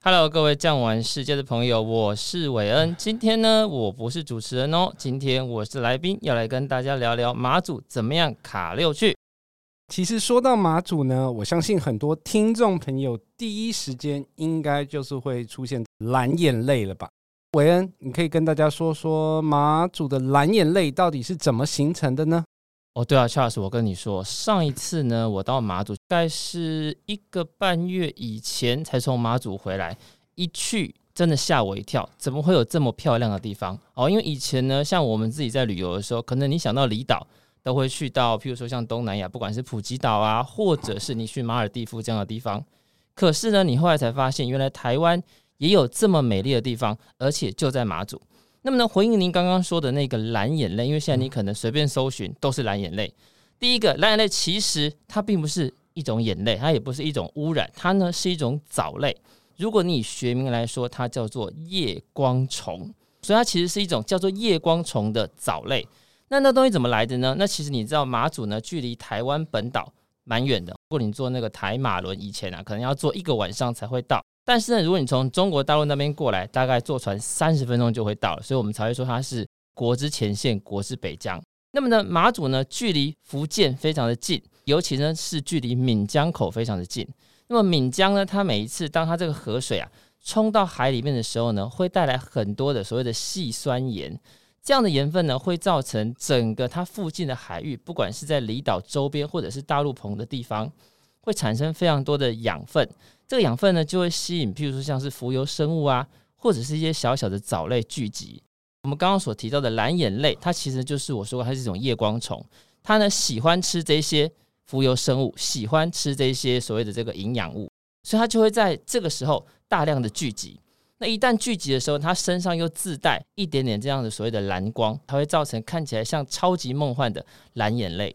Hello，各位醬玩世界的朋友，我是偉恩。今天呢，我不是主持人哦，今天我是來賓，要來跟大家聊聊馬祖怎麼樣卡六句。其實說到馬祖呢，我相信很多聽眾朋友第一時間應該就是會出現藍眼淚了吧？偉恩，你可以跟大家說說馬祖的藍眼淚到底是怎麼形成的呢？哦，Oh，對啊，查理，我跟你說，上一次呢，我到馬祖，大概是一個半月以前才從馬祖回來，一去真的嚇我一跳，怎麼會有這麼漂亮的地方？哦，因為以前呢，像我們自己在旅遊的時候，可能你想到離島，都會去到，譬如說像東南亞，不管是普吉島啊，或者是你去馬爾地夫這樣的地方，可是呢，你後來才發現，原來台灣也有這麼美麗的地方，而且就在馬祖。那麼呢，回應您剛剛說的那個藍眼淚，因為現在你可能隨便搜尋都是藍眼淚。第一個藍眼淚其實它並不是一種眼淚，它也不是一種污染，它呢是一種藻類。如果你以學名來說，它叫做夜光蟲，所以它其實是一種叫做夜光蟲的藻類。那那東西怎麼來的呢？那其實你知道馬祖呢距離台灣本島蠻遠的，如果你坐那個台馬輪，以前啊可能要坐一個晚上才會到。但是呢，如果你從中國大陸那邊過來，大概坐船三十分鐘就會到了，所以我們才會說它是國之前線、國之北疆。那麼呢，馬祖呢距離福建非常的近，尤其呢是距離閩江口非常的近。那麼閩江呢，它每一次當它這個河水啊沖到海裡面的時候呢，會帶來很多的所謂的矽酸鹽，這樣的鹽分呢會造成整個它附近的海域，不管是在離島周邊或者是大陸棚的地方，會產生非常多的養分。這個養分呢，就會吸引，譬如說像是浮游生物啊，或者是一些小小的藻類聚集。我們剛剛所提到的藍眼淚，它其實就是我說過，它是一種夜光蟲，它呢喜歡吃這些浮游生物，喜歡吃這些所謂的這個營養物，所以它就會在這個時候大量的聚集。那一旦聚集的時候，它身上又自帶一點點這樣的所謂的藍光，它會造成看起來像超級夢幻的藍眼淚。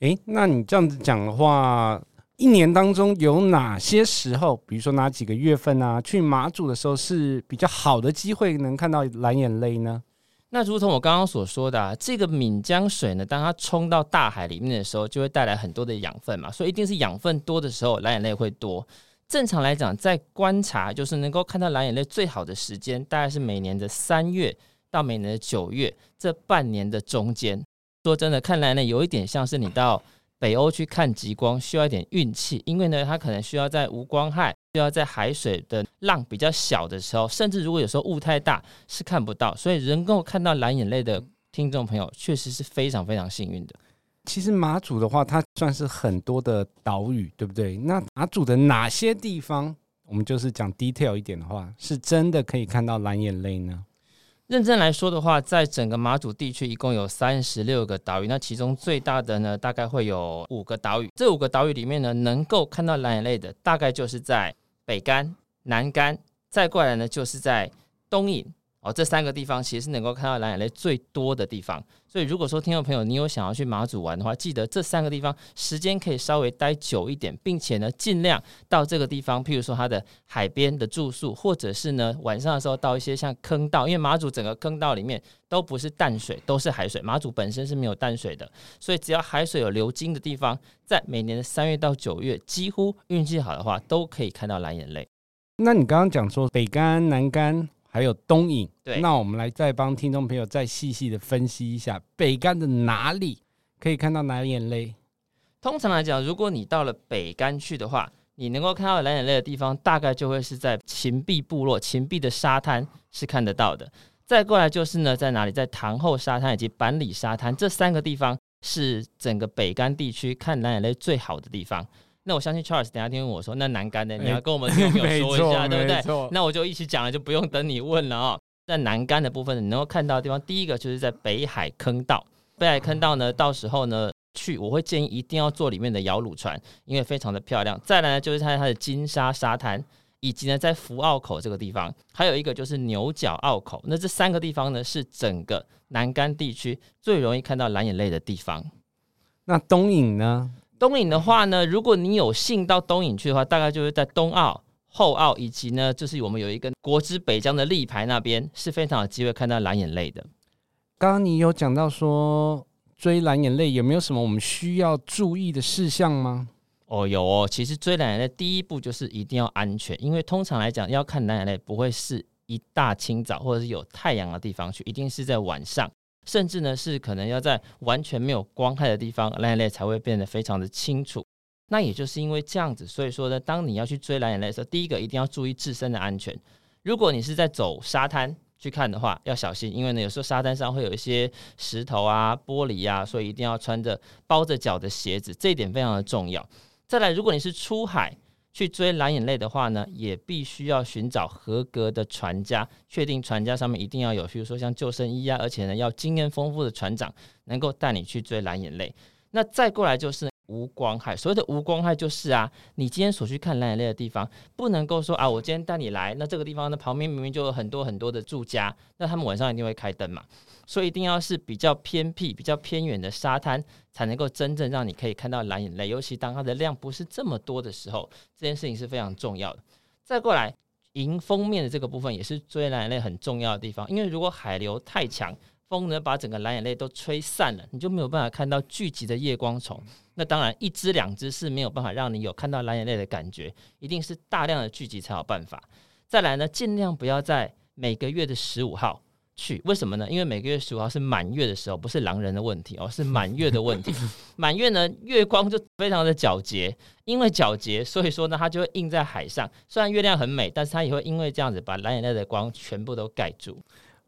誒，那你這樣子講的話。一年當中有哪些時候，比如說哪幾個月份啊，去馬祖的時候是比較好的機會能看到藍眼淚呢？那如同我剛剛所說的啊，這個閩江水呢，當它衝到大海裡面的時候，就會帶來很多的養分嘛，所以一定是養分多的時候，藍眼淚會多。正常來講，在觀察就是能夠看到藍眼淚最好的時間，大概是每年的三月到每年的九月這半年的中間。說真的，看來呢，有一點像是你到。北歐去看極光需要一點運氣，因為呢，它可能需要在無光害，需要在海水的浪比較小的時候，甚至如果有時候霧太大是看不到。所以能夠看到藍眼淚的聽眾朋友，確實是非常非常幸運的。其實馬祖的話，它算是很多的島嶼，對不對？那馬祖的哪些地方，我們就是講 detail 一點的話，是真的可以看到藍眼淚呢？認真來說的話，在整個馬祖地區一共有三十六個島嶼，那其中最大的呢，大概會有五個島嶼。這五個島嶼裡面呢，能夠看到藍眼淚的，大概就是在北竿、南竿，再過來呢，就是在東引。哦，這三個地方其實是能夠看到藍眼淚最多的地方。所以，如果說聽眾朋友你有想要去馬祖玩的話，記得這三個地方時間可以稍微待久一點，並且呢，盡量到這個地方，譬如說它的海邊的住宿，或者是呢晚上的時候到一些像坑道，因為馬祖整個坑道裡面都不是淡水，都是海水。馬祖本身是沒有淡水的，所以只要海水有流經的地方，在每年的三月到九月，幾乎運氣好的話都可以看到藍眼淚。那你剛剛講說北竿、南竿。還有東引，對。那我們來再幫聽眾朋友再細細的分析一下北竿的哪裡可以看到藍眼淚。通常來講，如果你到了北竿去的話，你能夠看到藍眼淚的地方，大概就會是在芹壁部落，芹壁的沙灘是看得到的。再過來就是呢，在哪裡？在塘後沙灘以及坂里沙灘，這三個地方是整個北竿地區看藍眼淚最好的地方。那我相信 Charles，等下聽我說。那南竿呢，你要跟我們的朋友說一下，欸、一下對不對？那我就一起講了，就不用等你問了啊、哦。在南竿的部分，你能夠看到的地方，第一個就是在北海坑道。北海坑道呢，到時候呢去，我會建議一定要坐裡面的搖櫓船，因為非常的漂亮。再來呢就是它它的金沙沙灘，以及呢在福澳口這個地方，還有一個就是牛角澳口。那這三個地方呢，是整個南竿地區最容易看到藍眼淚的地方。那東引呢？東引的話呢，如果你有幸到東引去的話，大概就是在東澳、後澳以及呢，就是我們有一個國之北疆的立牌那邊，是非常有機會看到藍眼淚的。剛剛你有講到說追藍眼淚有沒有什麼我們需要注意的事項嗎？哦，有哦。其實追藍眼淚第一步就是一定要安全，因為通常來講，要看藍眼淚不會是一大清早或者是有太陽的地方去，一定是在晚上。甚至呢，是可能要在完全沒有光害的地方，藍眼淚才會變得非常的清楚。那也就是因為這樣子，所以說呢，當你要去追藍眼淚的時候，第一個一定要注意自身的安全。如果你是在走沙灘去看的話，要小心，因為呢，有時候沙灘上會有一些石頭啊、玻璃啊，所以一定要穿着包着腳的鞋子，這一點非常的重要。再來，如果你是出海，去追藍眼淚的話呢，也必須要尋找合格的船家，確定船家上面一定要有，比如說像救生衣啊，而且呢要經驗豐富的船長能夠帶你去追藍眼淚。那再過來就是。無光害。所謂的無光害就是啊，你今天所去看藍眼淚的地方，不能夠說啊，我今天帶你來，那這個地方的旁邊明明就有很多很多的住家，那他們晚上一定會開燈嘛，所以一定要是比較偏僻、比較偏遠的沙灘，才能夠真正讓你可以看到藍眼淚，尤其當它的量不是這麼多的時候，這件事情是非常重要的。再過來，迎風面的這個部分也是追藍眼淚很重要的地方，因為如果海流太強。風呢把整個藍眼淚都吹散了，你就沒有辦法看到聚集的夜光蟲。那當然，一只兩只是沒有辦法讓你有看到藍眼淚的感覺，一定是大量的聚集才有辦法。再來呢，儘量不要在每個月的十五號去，為什麼呢？因為每個月十五號是滿月的時候，不是狼人的問題哦，是滿月的問題。 滿月呢，月光就非常的皎潔，因為皎潔，所以說呢，它就會映在海上。雖然月亮很美，但是它也會因為這樣子把藍眼淚的光全部都蓋住。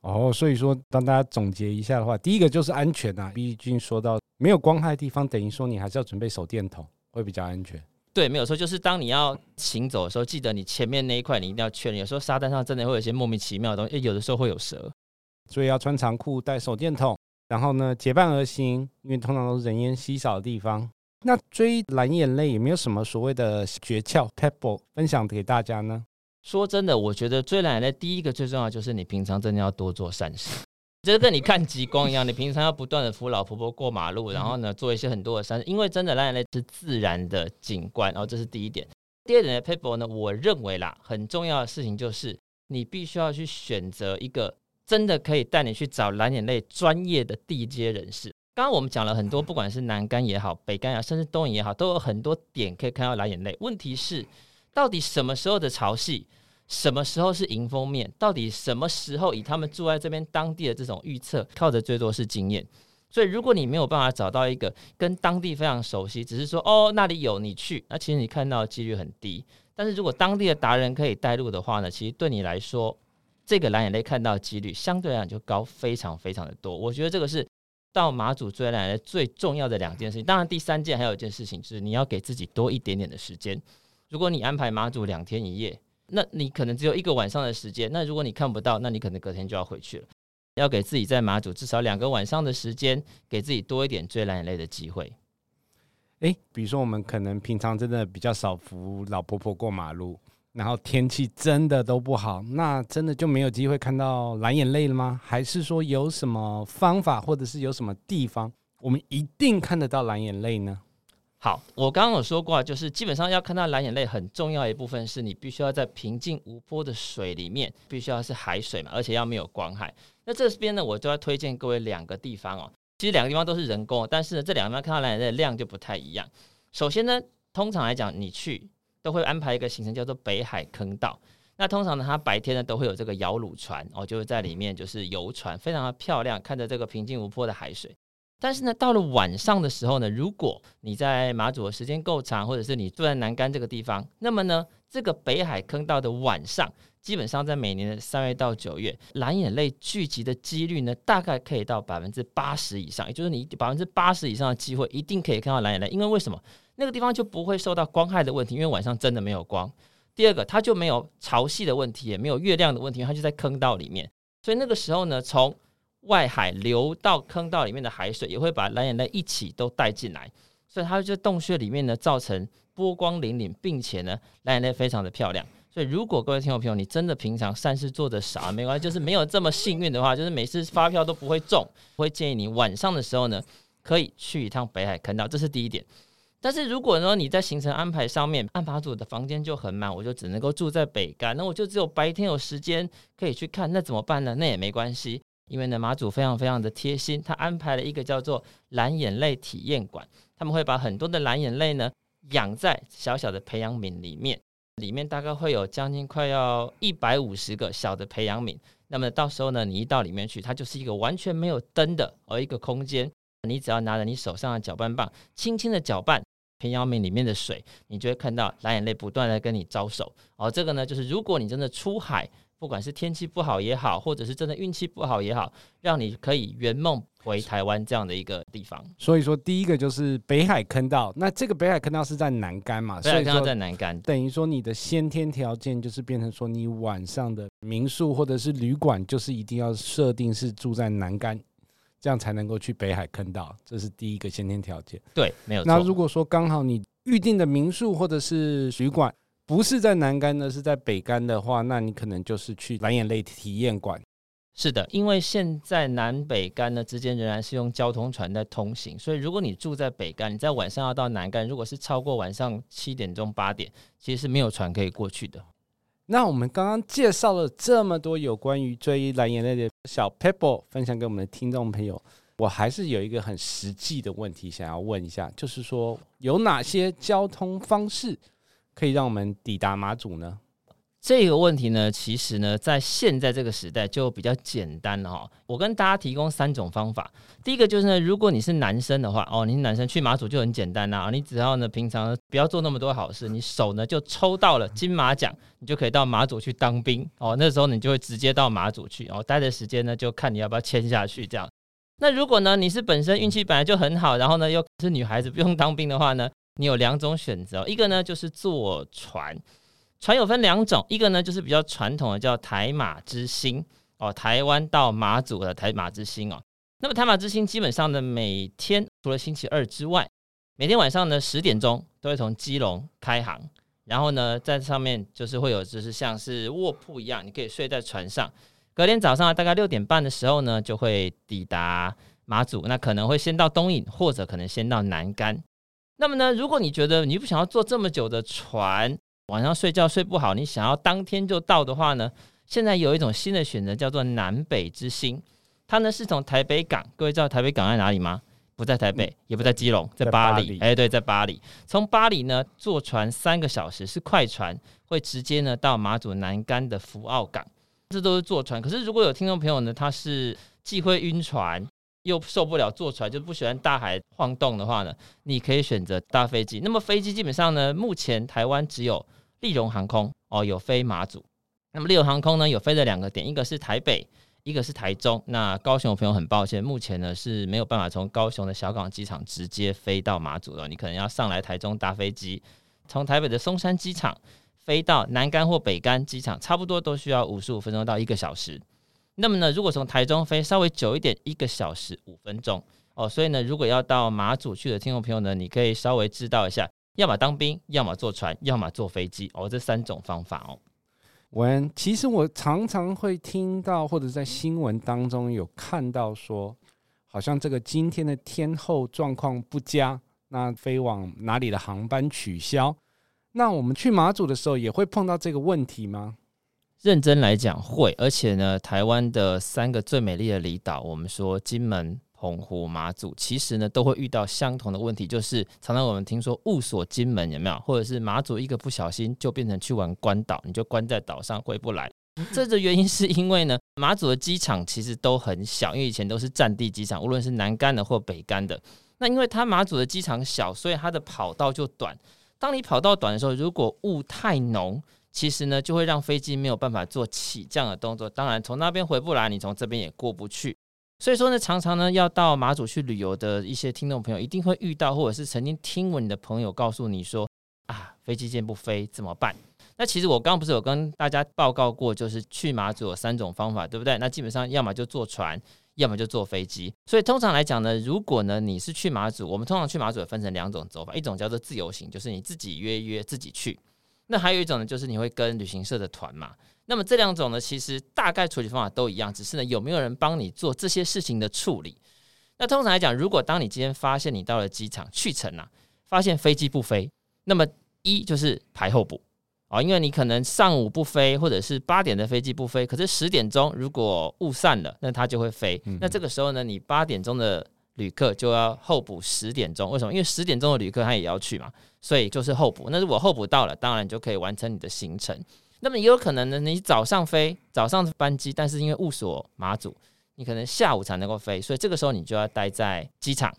哦，所以說，當大家總結一下的話，第一個就是安全啊。畢竟說到沒有光害的地方，等於說你還是要準備手電筒，會比較安全。對，沒有錯，就是當你要行走的時候，記得你前面那一塊，你一定要確認。有時候沙灘上真的會有一些莫名其妙的東西，有的時候會有蛇，所以要穿長褲，帶手電筒。然後呢，結伴而行，因為通常都是人煙稀少的地方。那追藍眼淚有沒有什麼所謂的訣竅，pebble 分享給大家呢？說真的，我覺得追藍眼淚第一個最重要就是你平常真的要多做善事， 就跟你看極光一樣，你平常要不斷的扶老婆婆過馬路，然後呢做一些很多的善事，因為真的藍眼淚是自然的景觀，然、哦、後這是第一點。第二點的 p e p e 呢，我認為啦很重要的事情就是你必須要去選擇一個真的可以帶你去找藍眼淚專業的地接人士。剛剛我們講了很多，不管是南竿也好、北竿啊，甚至東引也好，都有很多點可以看到藍眼淚。問題是。到底什麼時候的潮汐，什麼時候是迎風面？到底什麼時候以他們住在這邊當地的這種預測，靠的最多是經驗。所以，如果你沒有辦法找到一個跟當地非常熟悉，只是說哦那裡有你去，那其實你看到的幾率很低。但是如果當地的達人可以帶路的話呢，其實對你來說，這個藍眼淚看到幾率相對來講就高，非常非常的多。我覺得這個是到馬祖追藍眼淚最重要的兩件事情。當然，第三件還有一件事情，就是你要給自己多一點點的時間。如果你安排馬祖兩天一夜，那你可能只有一個晚上的時間。那如果你看不到，那你可能隔天就要回去了。要給自己在馬祖至少兩個晚上的時間，給自己多一點追藍眼淚的機會。誒，比如說我們可能平常真的比較少扶老婆婆過馬路，然後天氣真的都不好，那真的就沒有機會看到藍眼淚了嗎？還是說有什麼方法，或者是有什麼地方，我們一定看得到藍眼淚呢？好，我剛剛有說過啊，就是基本上要看到藍眼淚，很重要的一部分是你必須要在平靜無波的水裡面，必須要是海水嘛，而且要沒有光害。那這邊呢，我都要推薦各位兩個地方哦。其實兩個地方都是人工，但是呢，這兩個地方看到藍眼淚的量就不太一樣。首先呢，通常來講，你去都會安排一個行程叫做北海坑道。那通常呢，它白天呢都會有這個搖櫓船哦，就是在裡面就是遊船，非常的漂亮，看着這個平靜無波的海水。但是呢，到了晚上的時候呢，如果你在馬祖的時間夠長，或者是你住在南竿這個地方，那麼呢，這個北海坑道的晚上，基本上在每年的三月到九月，藍眼淚聚集的幾率呢，大概可以到百分之八十以上。也就是你百分之八十以上的機會，一定可以看到藍眼淚。因為為什麼？那個地方就不會受到光害的問題，因為晚上真的沒有光。第二個，它就沒有潮汐的問題，也沒有月亮的問題，因為它就在坑道裡面。所以那個時候呢，從外海流到坑道裡面的海水也會把藍眼淚一起都帶進來，所以它在洞穴裡面呢，造成波光粼粼，並且呢，藍眼淚非常的漂亮。所以，如果各位聽眾朋友，你真的平常善事做得少，沒關係，就是沒有這麼幸運的話，就是每次發票都不會中，我會建議你晚上的時候呢，可以去一趟北海坑道，這是第一點。但是如果說你在行程安排上面，南竿住的房間就很滿，我就只能夠住在北竿，那我就只有白天有時間可以去看，那怎麼辦呢？那也沒關係。因為呢，馬祖非常非常的貼心，他安排了一個叫做藍眼淚體驗館，他們會把很多的藍眼淚呢養在小小的培養皿裡面，裡面大概會有將近快要一百五十個小的培養皿。那麼到時候呢，你一到裡面去，它就是一個完全沒有燈的哦，一個空間，你只要拿着你手上的攪拌棒，輕輕的攪拌培養皿裡面的水，你就會看到藍眼淚不斷的跟你招手。哦，這個呢，就是如果你真的出海。不管是天氣不好也好，或者是真的運氣不好也好，讓你可以圓夢回台灣這樣的一個地方。所以說，第一個就是北海坑道。那這個北海坑道是在南竿嘛？對，它在南竿。等於說，你的先天條件就是變成說，你晚上的民宿或者是旅館，就是一定要設定是住在南竿，這樣才能夠去北海坑道。這是第一個先天條件。對，沒有錯。那如果說剛好你預定的民宿或者是旅館，不是在南竿的，是在北竿的話，那你可能就是去藍眼淚體驗館。是的，因為現在南北竿呢之間仍然是用交通船在通行，所以如果你住在北竿，你在晚上要到南竿，如果是超過晚上七點鐘八點，其實是沒有船可以過去的。那我們剛剛介紹了這麼多有關於追藍眼淚的小撇步分享給我們的聽眾朋友，我還是有一個很實際的問題想要問一下，就是說有哪些交通方式？可以讓我們抵達馬祖呢？這個問題呢，其實呢，在現在這個時代就比較簡單哈、哦。我跟大家提供三種方法。第一個就是呢，如果你是男生的話，哦，你是男生去馬祖就很簡單啦、啊。你只要呢，平常不要做那麼多好事，你手呢就抽到了金馬獎，你就可以到馬祖去當兵哦。那時候你就會直接到馬祖去，哦、呃，待的時間呢，就看你要不要簽下去這樣。那如果呢，你是本身運氣本來就很好，然後呢又是女孩子，不用當兵的話呢，你有兩種選擇，一個呢就是坐船，船有分兩種，一個呢就是比較傳統的叫台馬之星哦，台灣到馬祖的台馬之星哦。那麼台馬之星基本上呢，每天除了星期二之外，每天晚上呢十點鐘都會從基隆開航，然後呢在上面就是會有就是像是臥鋪一樣，你可以睡在船上。隔天早上大概六點半的時候呢，就會抵達馬祖，那可能會先到東引，或者可能先到南竿。那麼呢，如果你覺得你不想要坐這麼久的船，晚上睡覺睡不好，你想要當天就到的話呢，現在有一種新的選擇叫做南北之星，它呢是從台北港，各位知道台北港在哪裡嗎？不在台北，嗯、也不在基隆，在，在八里。誒，欸、對，在八里。從八里呢坐船三個小時是快船，會直接呢到馬祖南竿的福澳港，這都是坐船。可是如果有聽眾朋友呢，他是既會暈船。又受不了坐船，就不喜歡大海晃動的話呢，你可以選擇搭飛機。那麼飛機基本上呢，目前台灣只有立榮航空哦，有飛馬祖。那麼立榮航空呢，有飛的兩個點，一個是台北，一個是台中。那高雄的朋友很抱歉，目前呢是沒有辦法從高雄的小港機場直接飛到馬祖的，你可能要上來台中搭飛機，從台北的松山機場飛到南竿或北竿機場，差不多都需要五十五分鐘到一個小時。那麼呢，如果從台中飛稍微久一點，一個小時五分鐘哦，所以呢，如果要到馬祖去的聽眾朋友呢，你可以稍微知道一下，要麼當兵，要麼坐船，要麼坐飛機哦，這三種方法哦。喂，其實我常常會聽到或者在新聞當中有看到說，好像這個今天的天候狀況不佳，那飛往哪裡的航班取消？那我們去馬祖的時候也會碰到這個問題嗎？認真來講會，而且呢，台灣的三個最美麗的離島，我們說金門、澎湖、馬祖，其實呢都會遇到相同的問題，就是常常我們聽說霧鎖金門有沒有？或者是馬祖一個不小心就變成去玩關島，你就關在島上回不來，嗯。這個原因是因為呢，馬祖的機場其實都很小，因為以前都是戰地機場，無論是南竿的或北竿的。那因為它馬祖的機場小，所以它的跑道就短。當你跑道短的時候，如果霧太濃，其實呢，就會讓飛機沒有辦法做起降的動作。當然，從那邊回不來，你從這邊也過不去。所以說呢，常常呢要到馬祖去旅遊的一些聽眾朋友，一定會遇到，或者是曾經聽聞的朋友告訴你說：“啊，飛機今天不飛怎麼辦？”那其實我剛剛不是有跟大家報告過，就是去馬祖有三種方法，對不對？那基本上要麼就坐船，要麼就坐飛機。所以通常來講呢，如果呢你是去馬祖，我們通常去馬祖分成兩種走法，一種叫做自由行，就是你自己約約自己去。那還有一種呢，就是你會跟旅行社的團嘛。那麼這兩種呢，其實大概處理方法都一樣，只是呢有沒有人幫你做這些事情的處理。那通常來講，如果當你今天發現你到了機場去程了、啊，發現飛機不飛，那麼一就是排候補啊，因為你可能上午不飛，或者是八點的飛機不飛，可是十點鐘如果霧散了，那它就會飛、嗯。那這個時候呢，你八點鐘的，旅客就要候補十點鐘，為什麼？因為十點鐘的旅客他也要去嘛，所以就是候補。那如果候補到了，當然你就可以完成你的行程。那麼也有可能呢，你早上飛，早上班機，但是因為霧鎖馬祖，你可能下午才能夠飛，所以這個時候你就要待在機場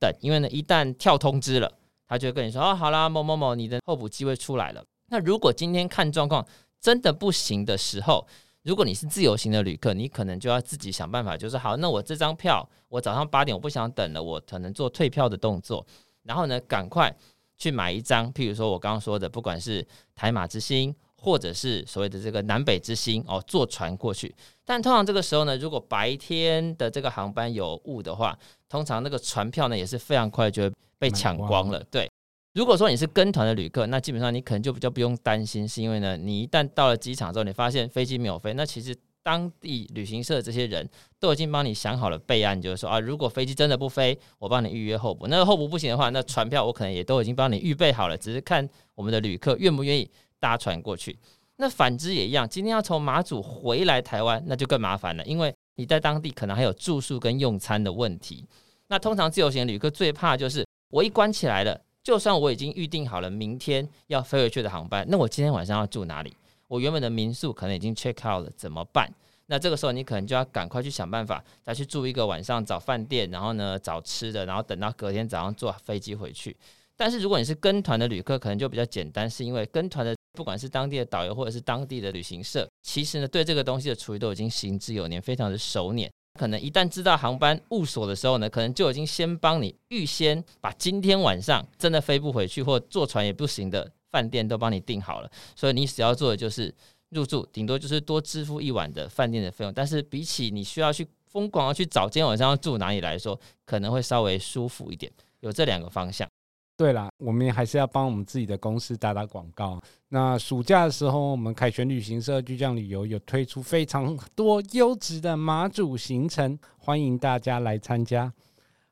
等。因為呢，一旦跳通知了，他就會跟你說：“哦，好啦，某某某，你的候補機會出來了。”那如果今天看狀況真的不行的時候，如果你是自由行的旅客，你可能就要自己想辦法，就是好，那我這張票，我早上八點我不想等了，我可能做退票的動作，然後呢，趕快去買一張，譬如說我剛剛說的，不管是台馬之星，或者是所謂的這個南北之星，哦，坐船過去。但通常這個時候呢，如果白天的這個航班有霧的話，通常那個船票呢也是非常快就會被搶光了，對。如果說你是跟團的旅客，那基本上你可能就比較不用擔心，是因為呢，你一旦到了機場之後，你發現飛機沒有飛，那其實當地旅行社的這些人都已經幫你想好了備案，就是說啊，如果飛機真的不飛，我幫你預約候補。那候補不行的話，那船票我可能也都已經幫你預備好了，只是看我們的旅客願不願意搭船過去。那反之也一樣，今天要從馬祖回來台灣，那就更麻煩了，因為你在當地可能還有住宿跟用餐的問題。那通常自由行的旅客最怕就是我一關起來了。就算我已經預定好了明天要飛回去的航班，那我今天晚上要住哪裡？我原本的民宿可能已經 check out 了，怎麼辦？那這個時候你可能就要趕快去想辦法，再去住一個晚上，找飯店，然後呢，找吃的，然後等到隔天早上坐飛機回去。但是如果你是跟團的旅客，可能就比較簡單，是因為跟團的不管是當地的導遊或者是當地的旅行社，其實呢，對這個東西的處理都已經行之有年，非常的熟練。可能一旦知道航班霧鎖的時候呢，可能就已經先幫你預先把今天晚上真的飛不回去或坐船也不行的飯店都幫你訂好了，所以你只要做的就是入住，頂多就是多支付一晚的飯店的費用。但是比起你需要去瘋狂的去找今天晚上要住哪裡來說，可能會稍微舒服一點。有這兩個方向。對了，我們還是要幫我們自己的公司打打廣告。那暑假的時候，我們凱旋旅行社巨匠旅遊有推出非常多優質的馬祖行程，歡迎大家來參加。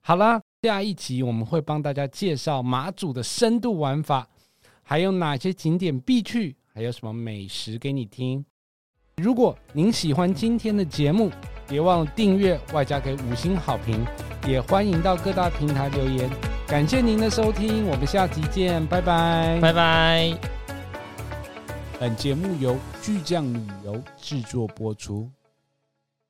好了，下一集我們會幫大家介紹馬祖的深度玩法，還有哪些景點必去，還有什麽美食給你聽。如果您喜歡今天的節目，別忘了訂閱，外加給五星好評，也歡迎到各大平台留言。感謝您的收聽，我們下集見，拜拜，拜拜。本節目由巨匠旅遊製作播出。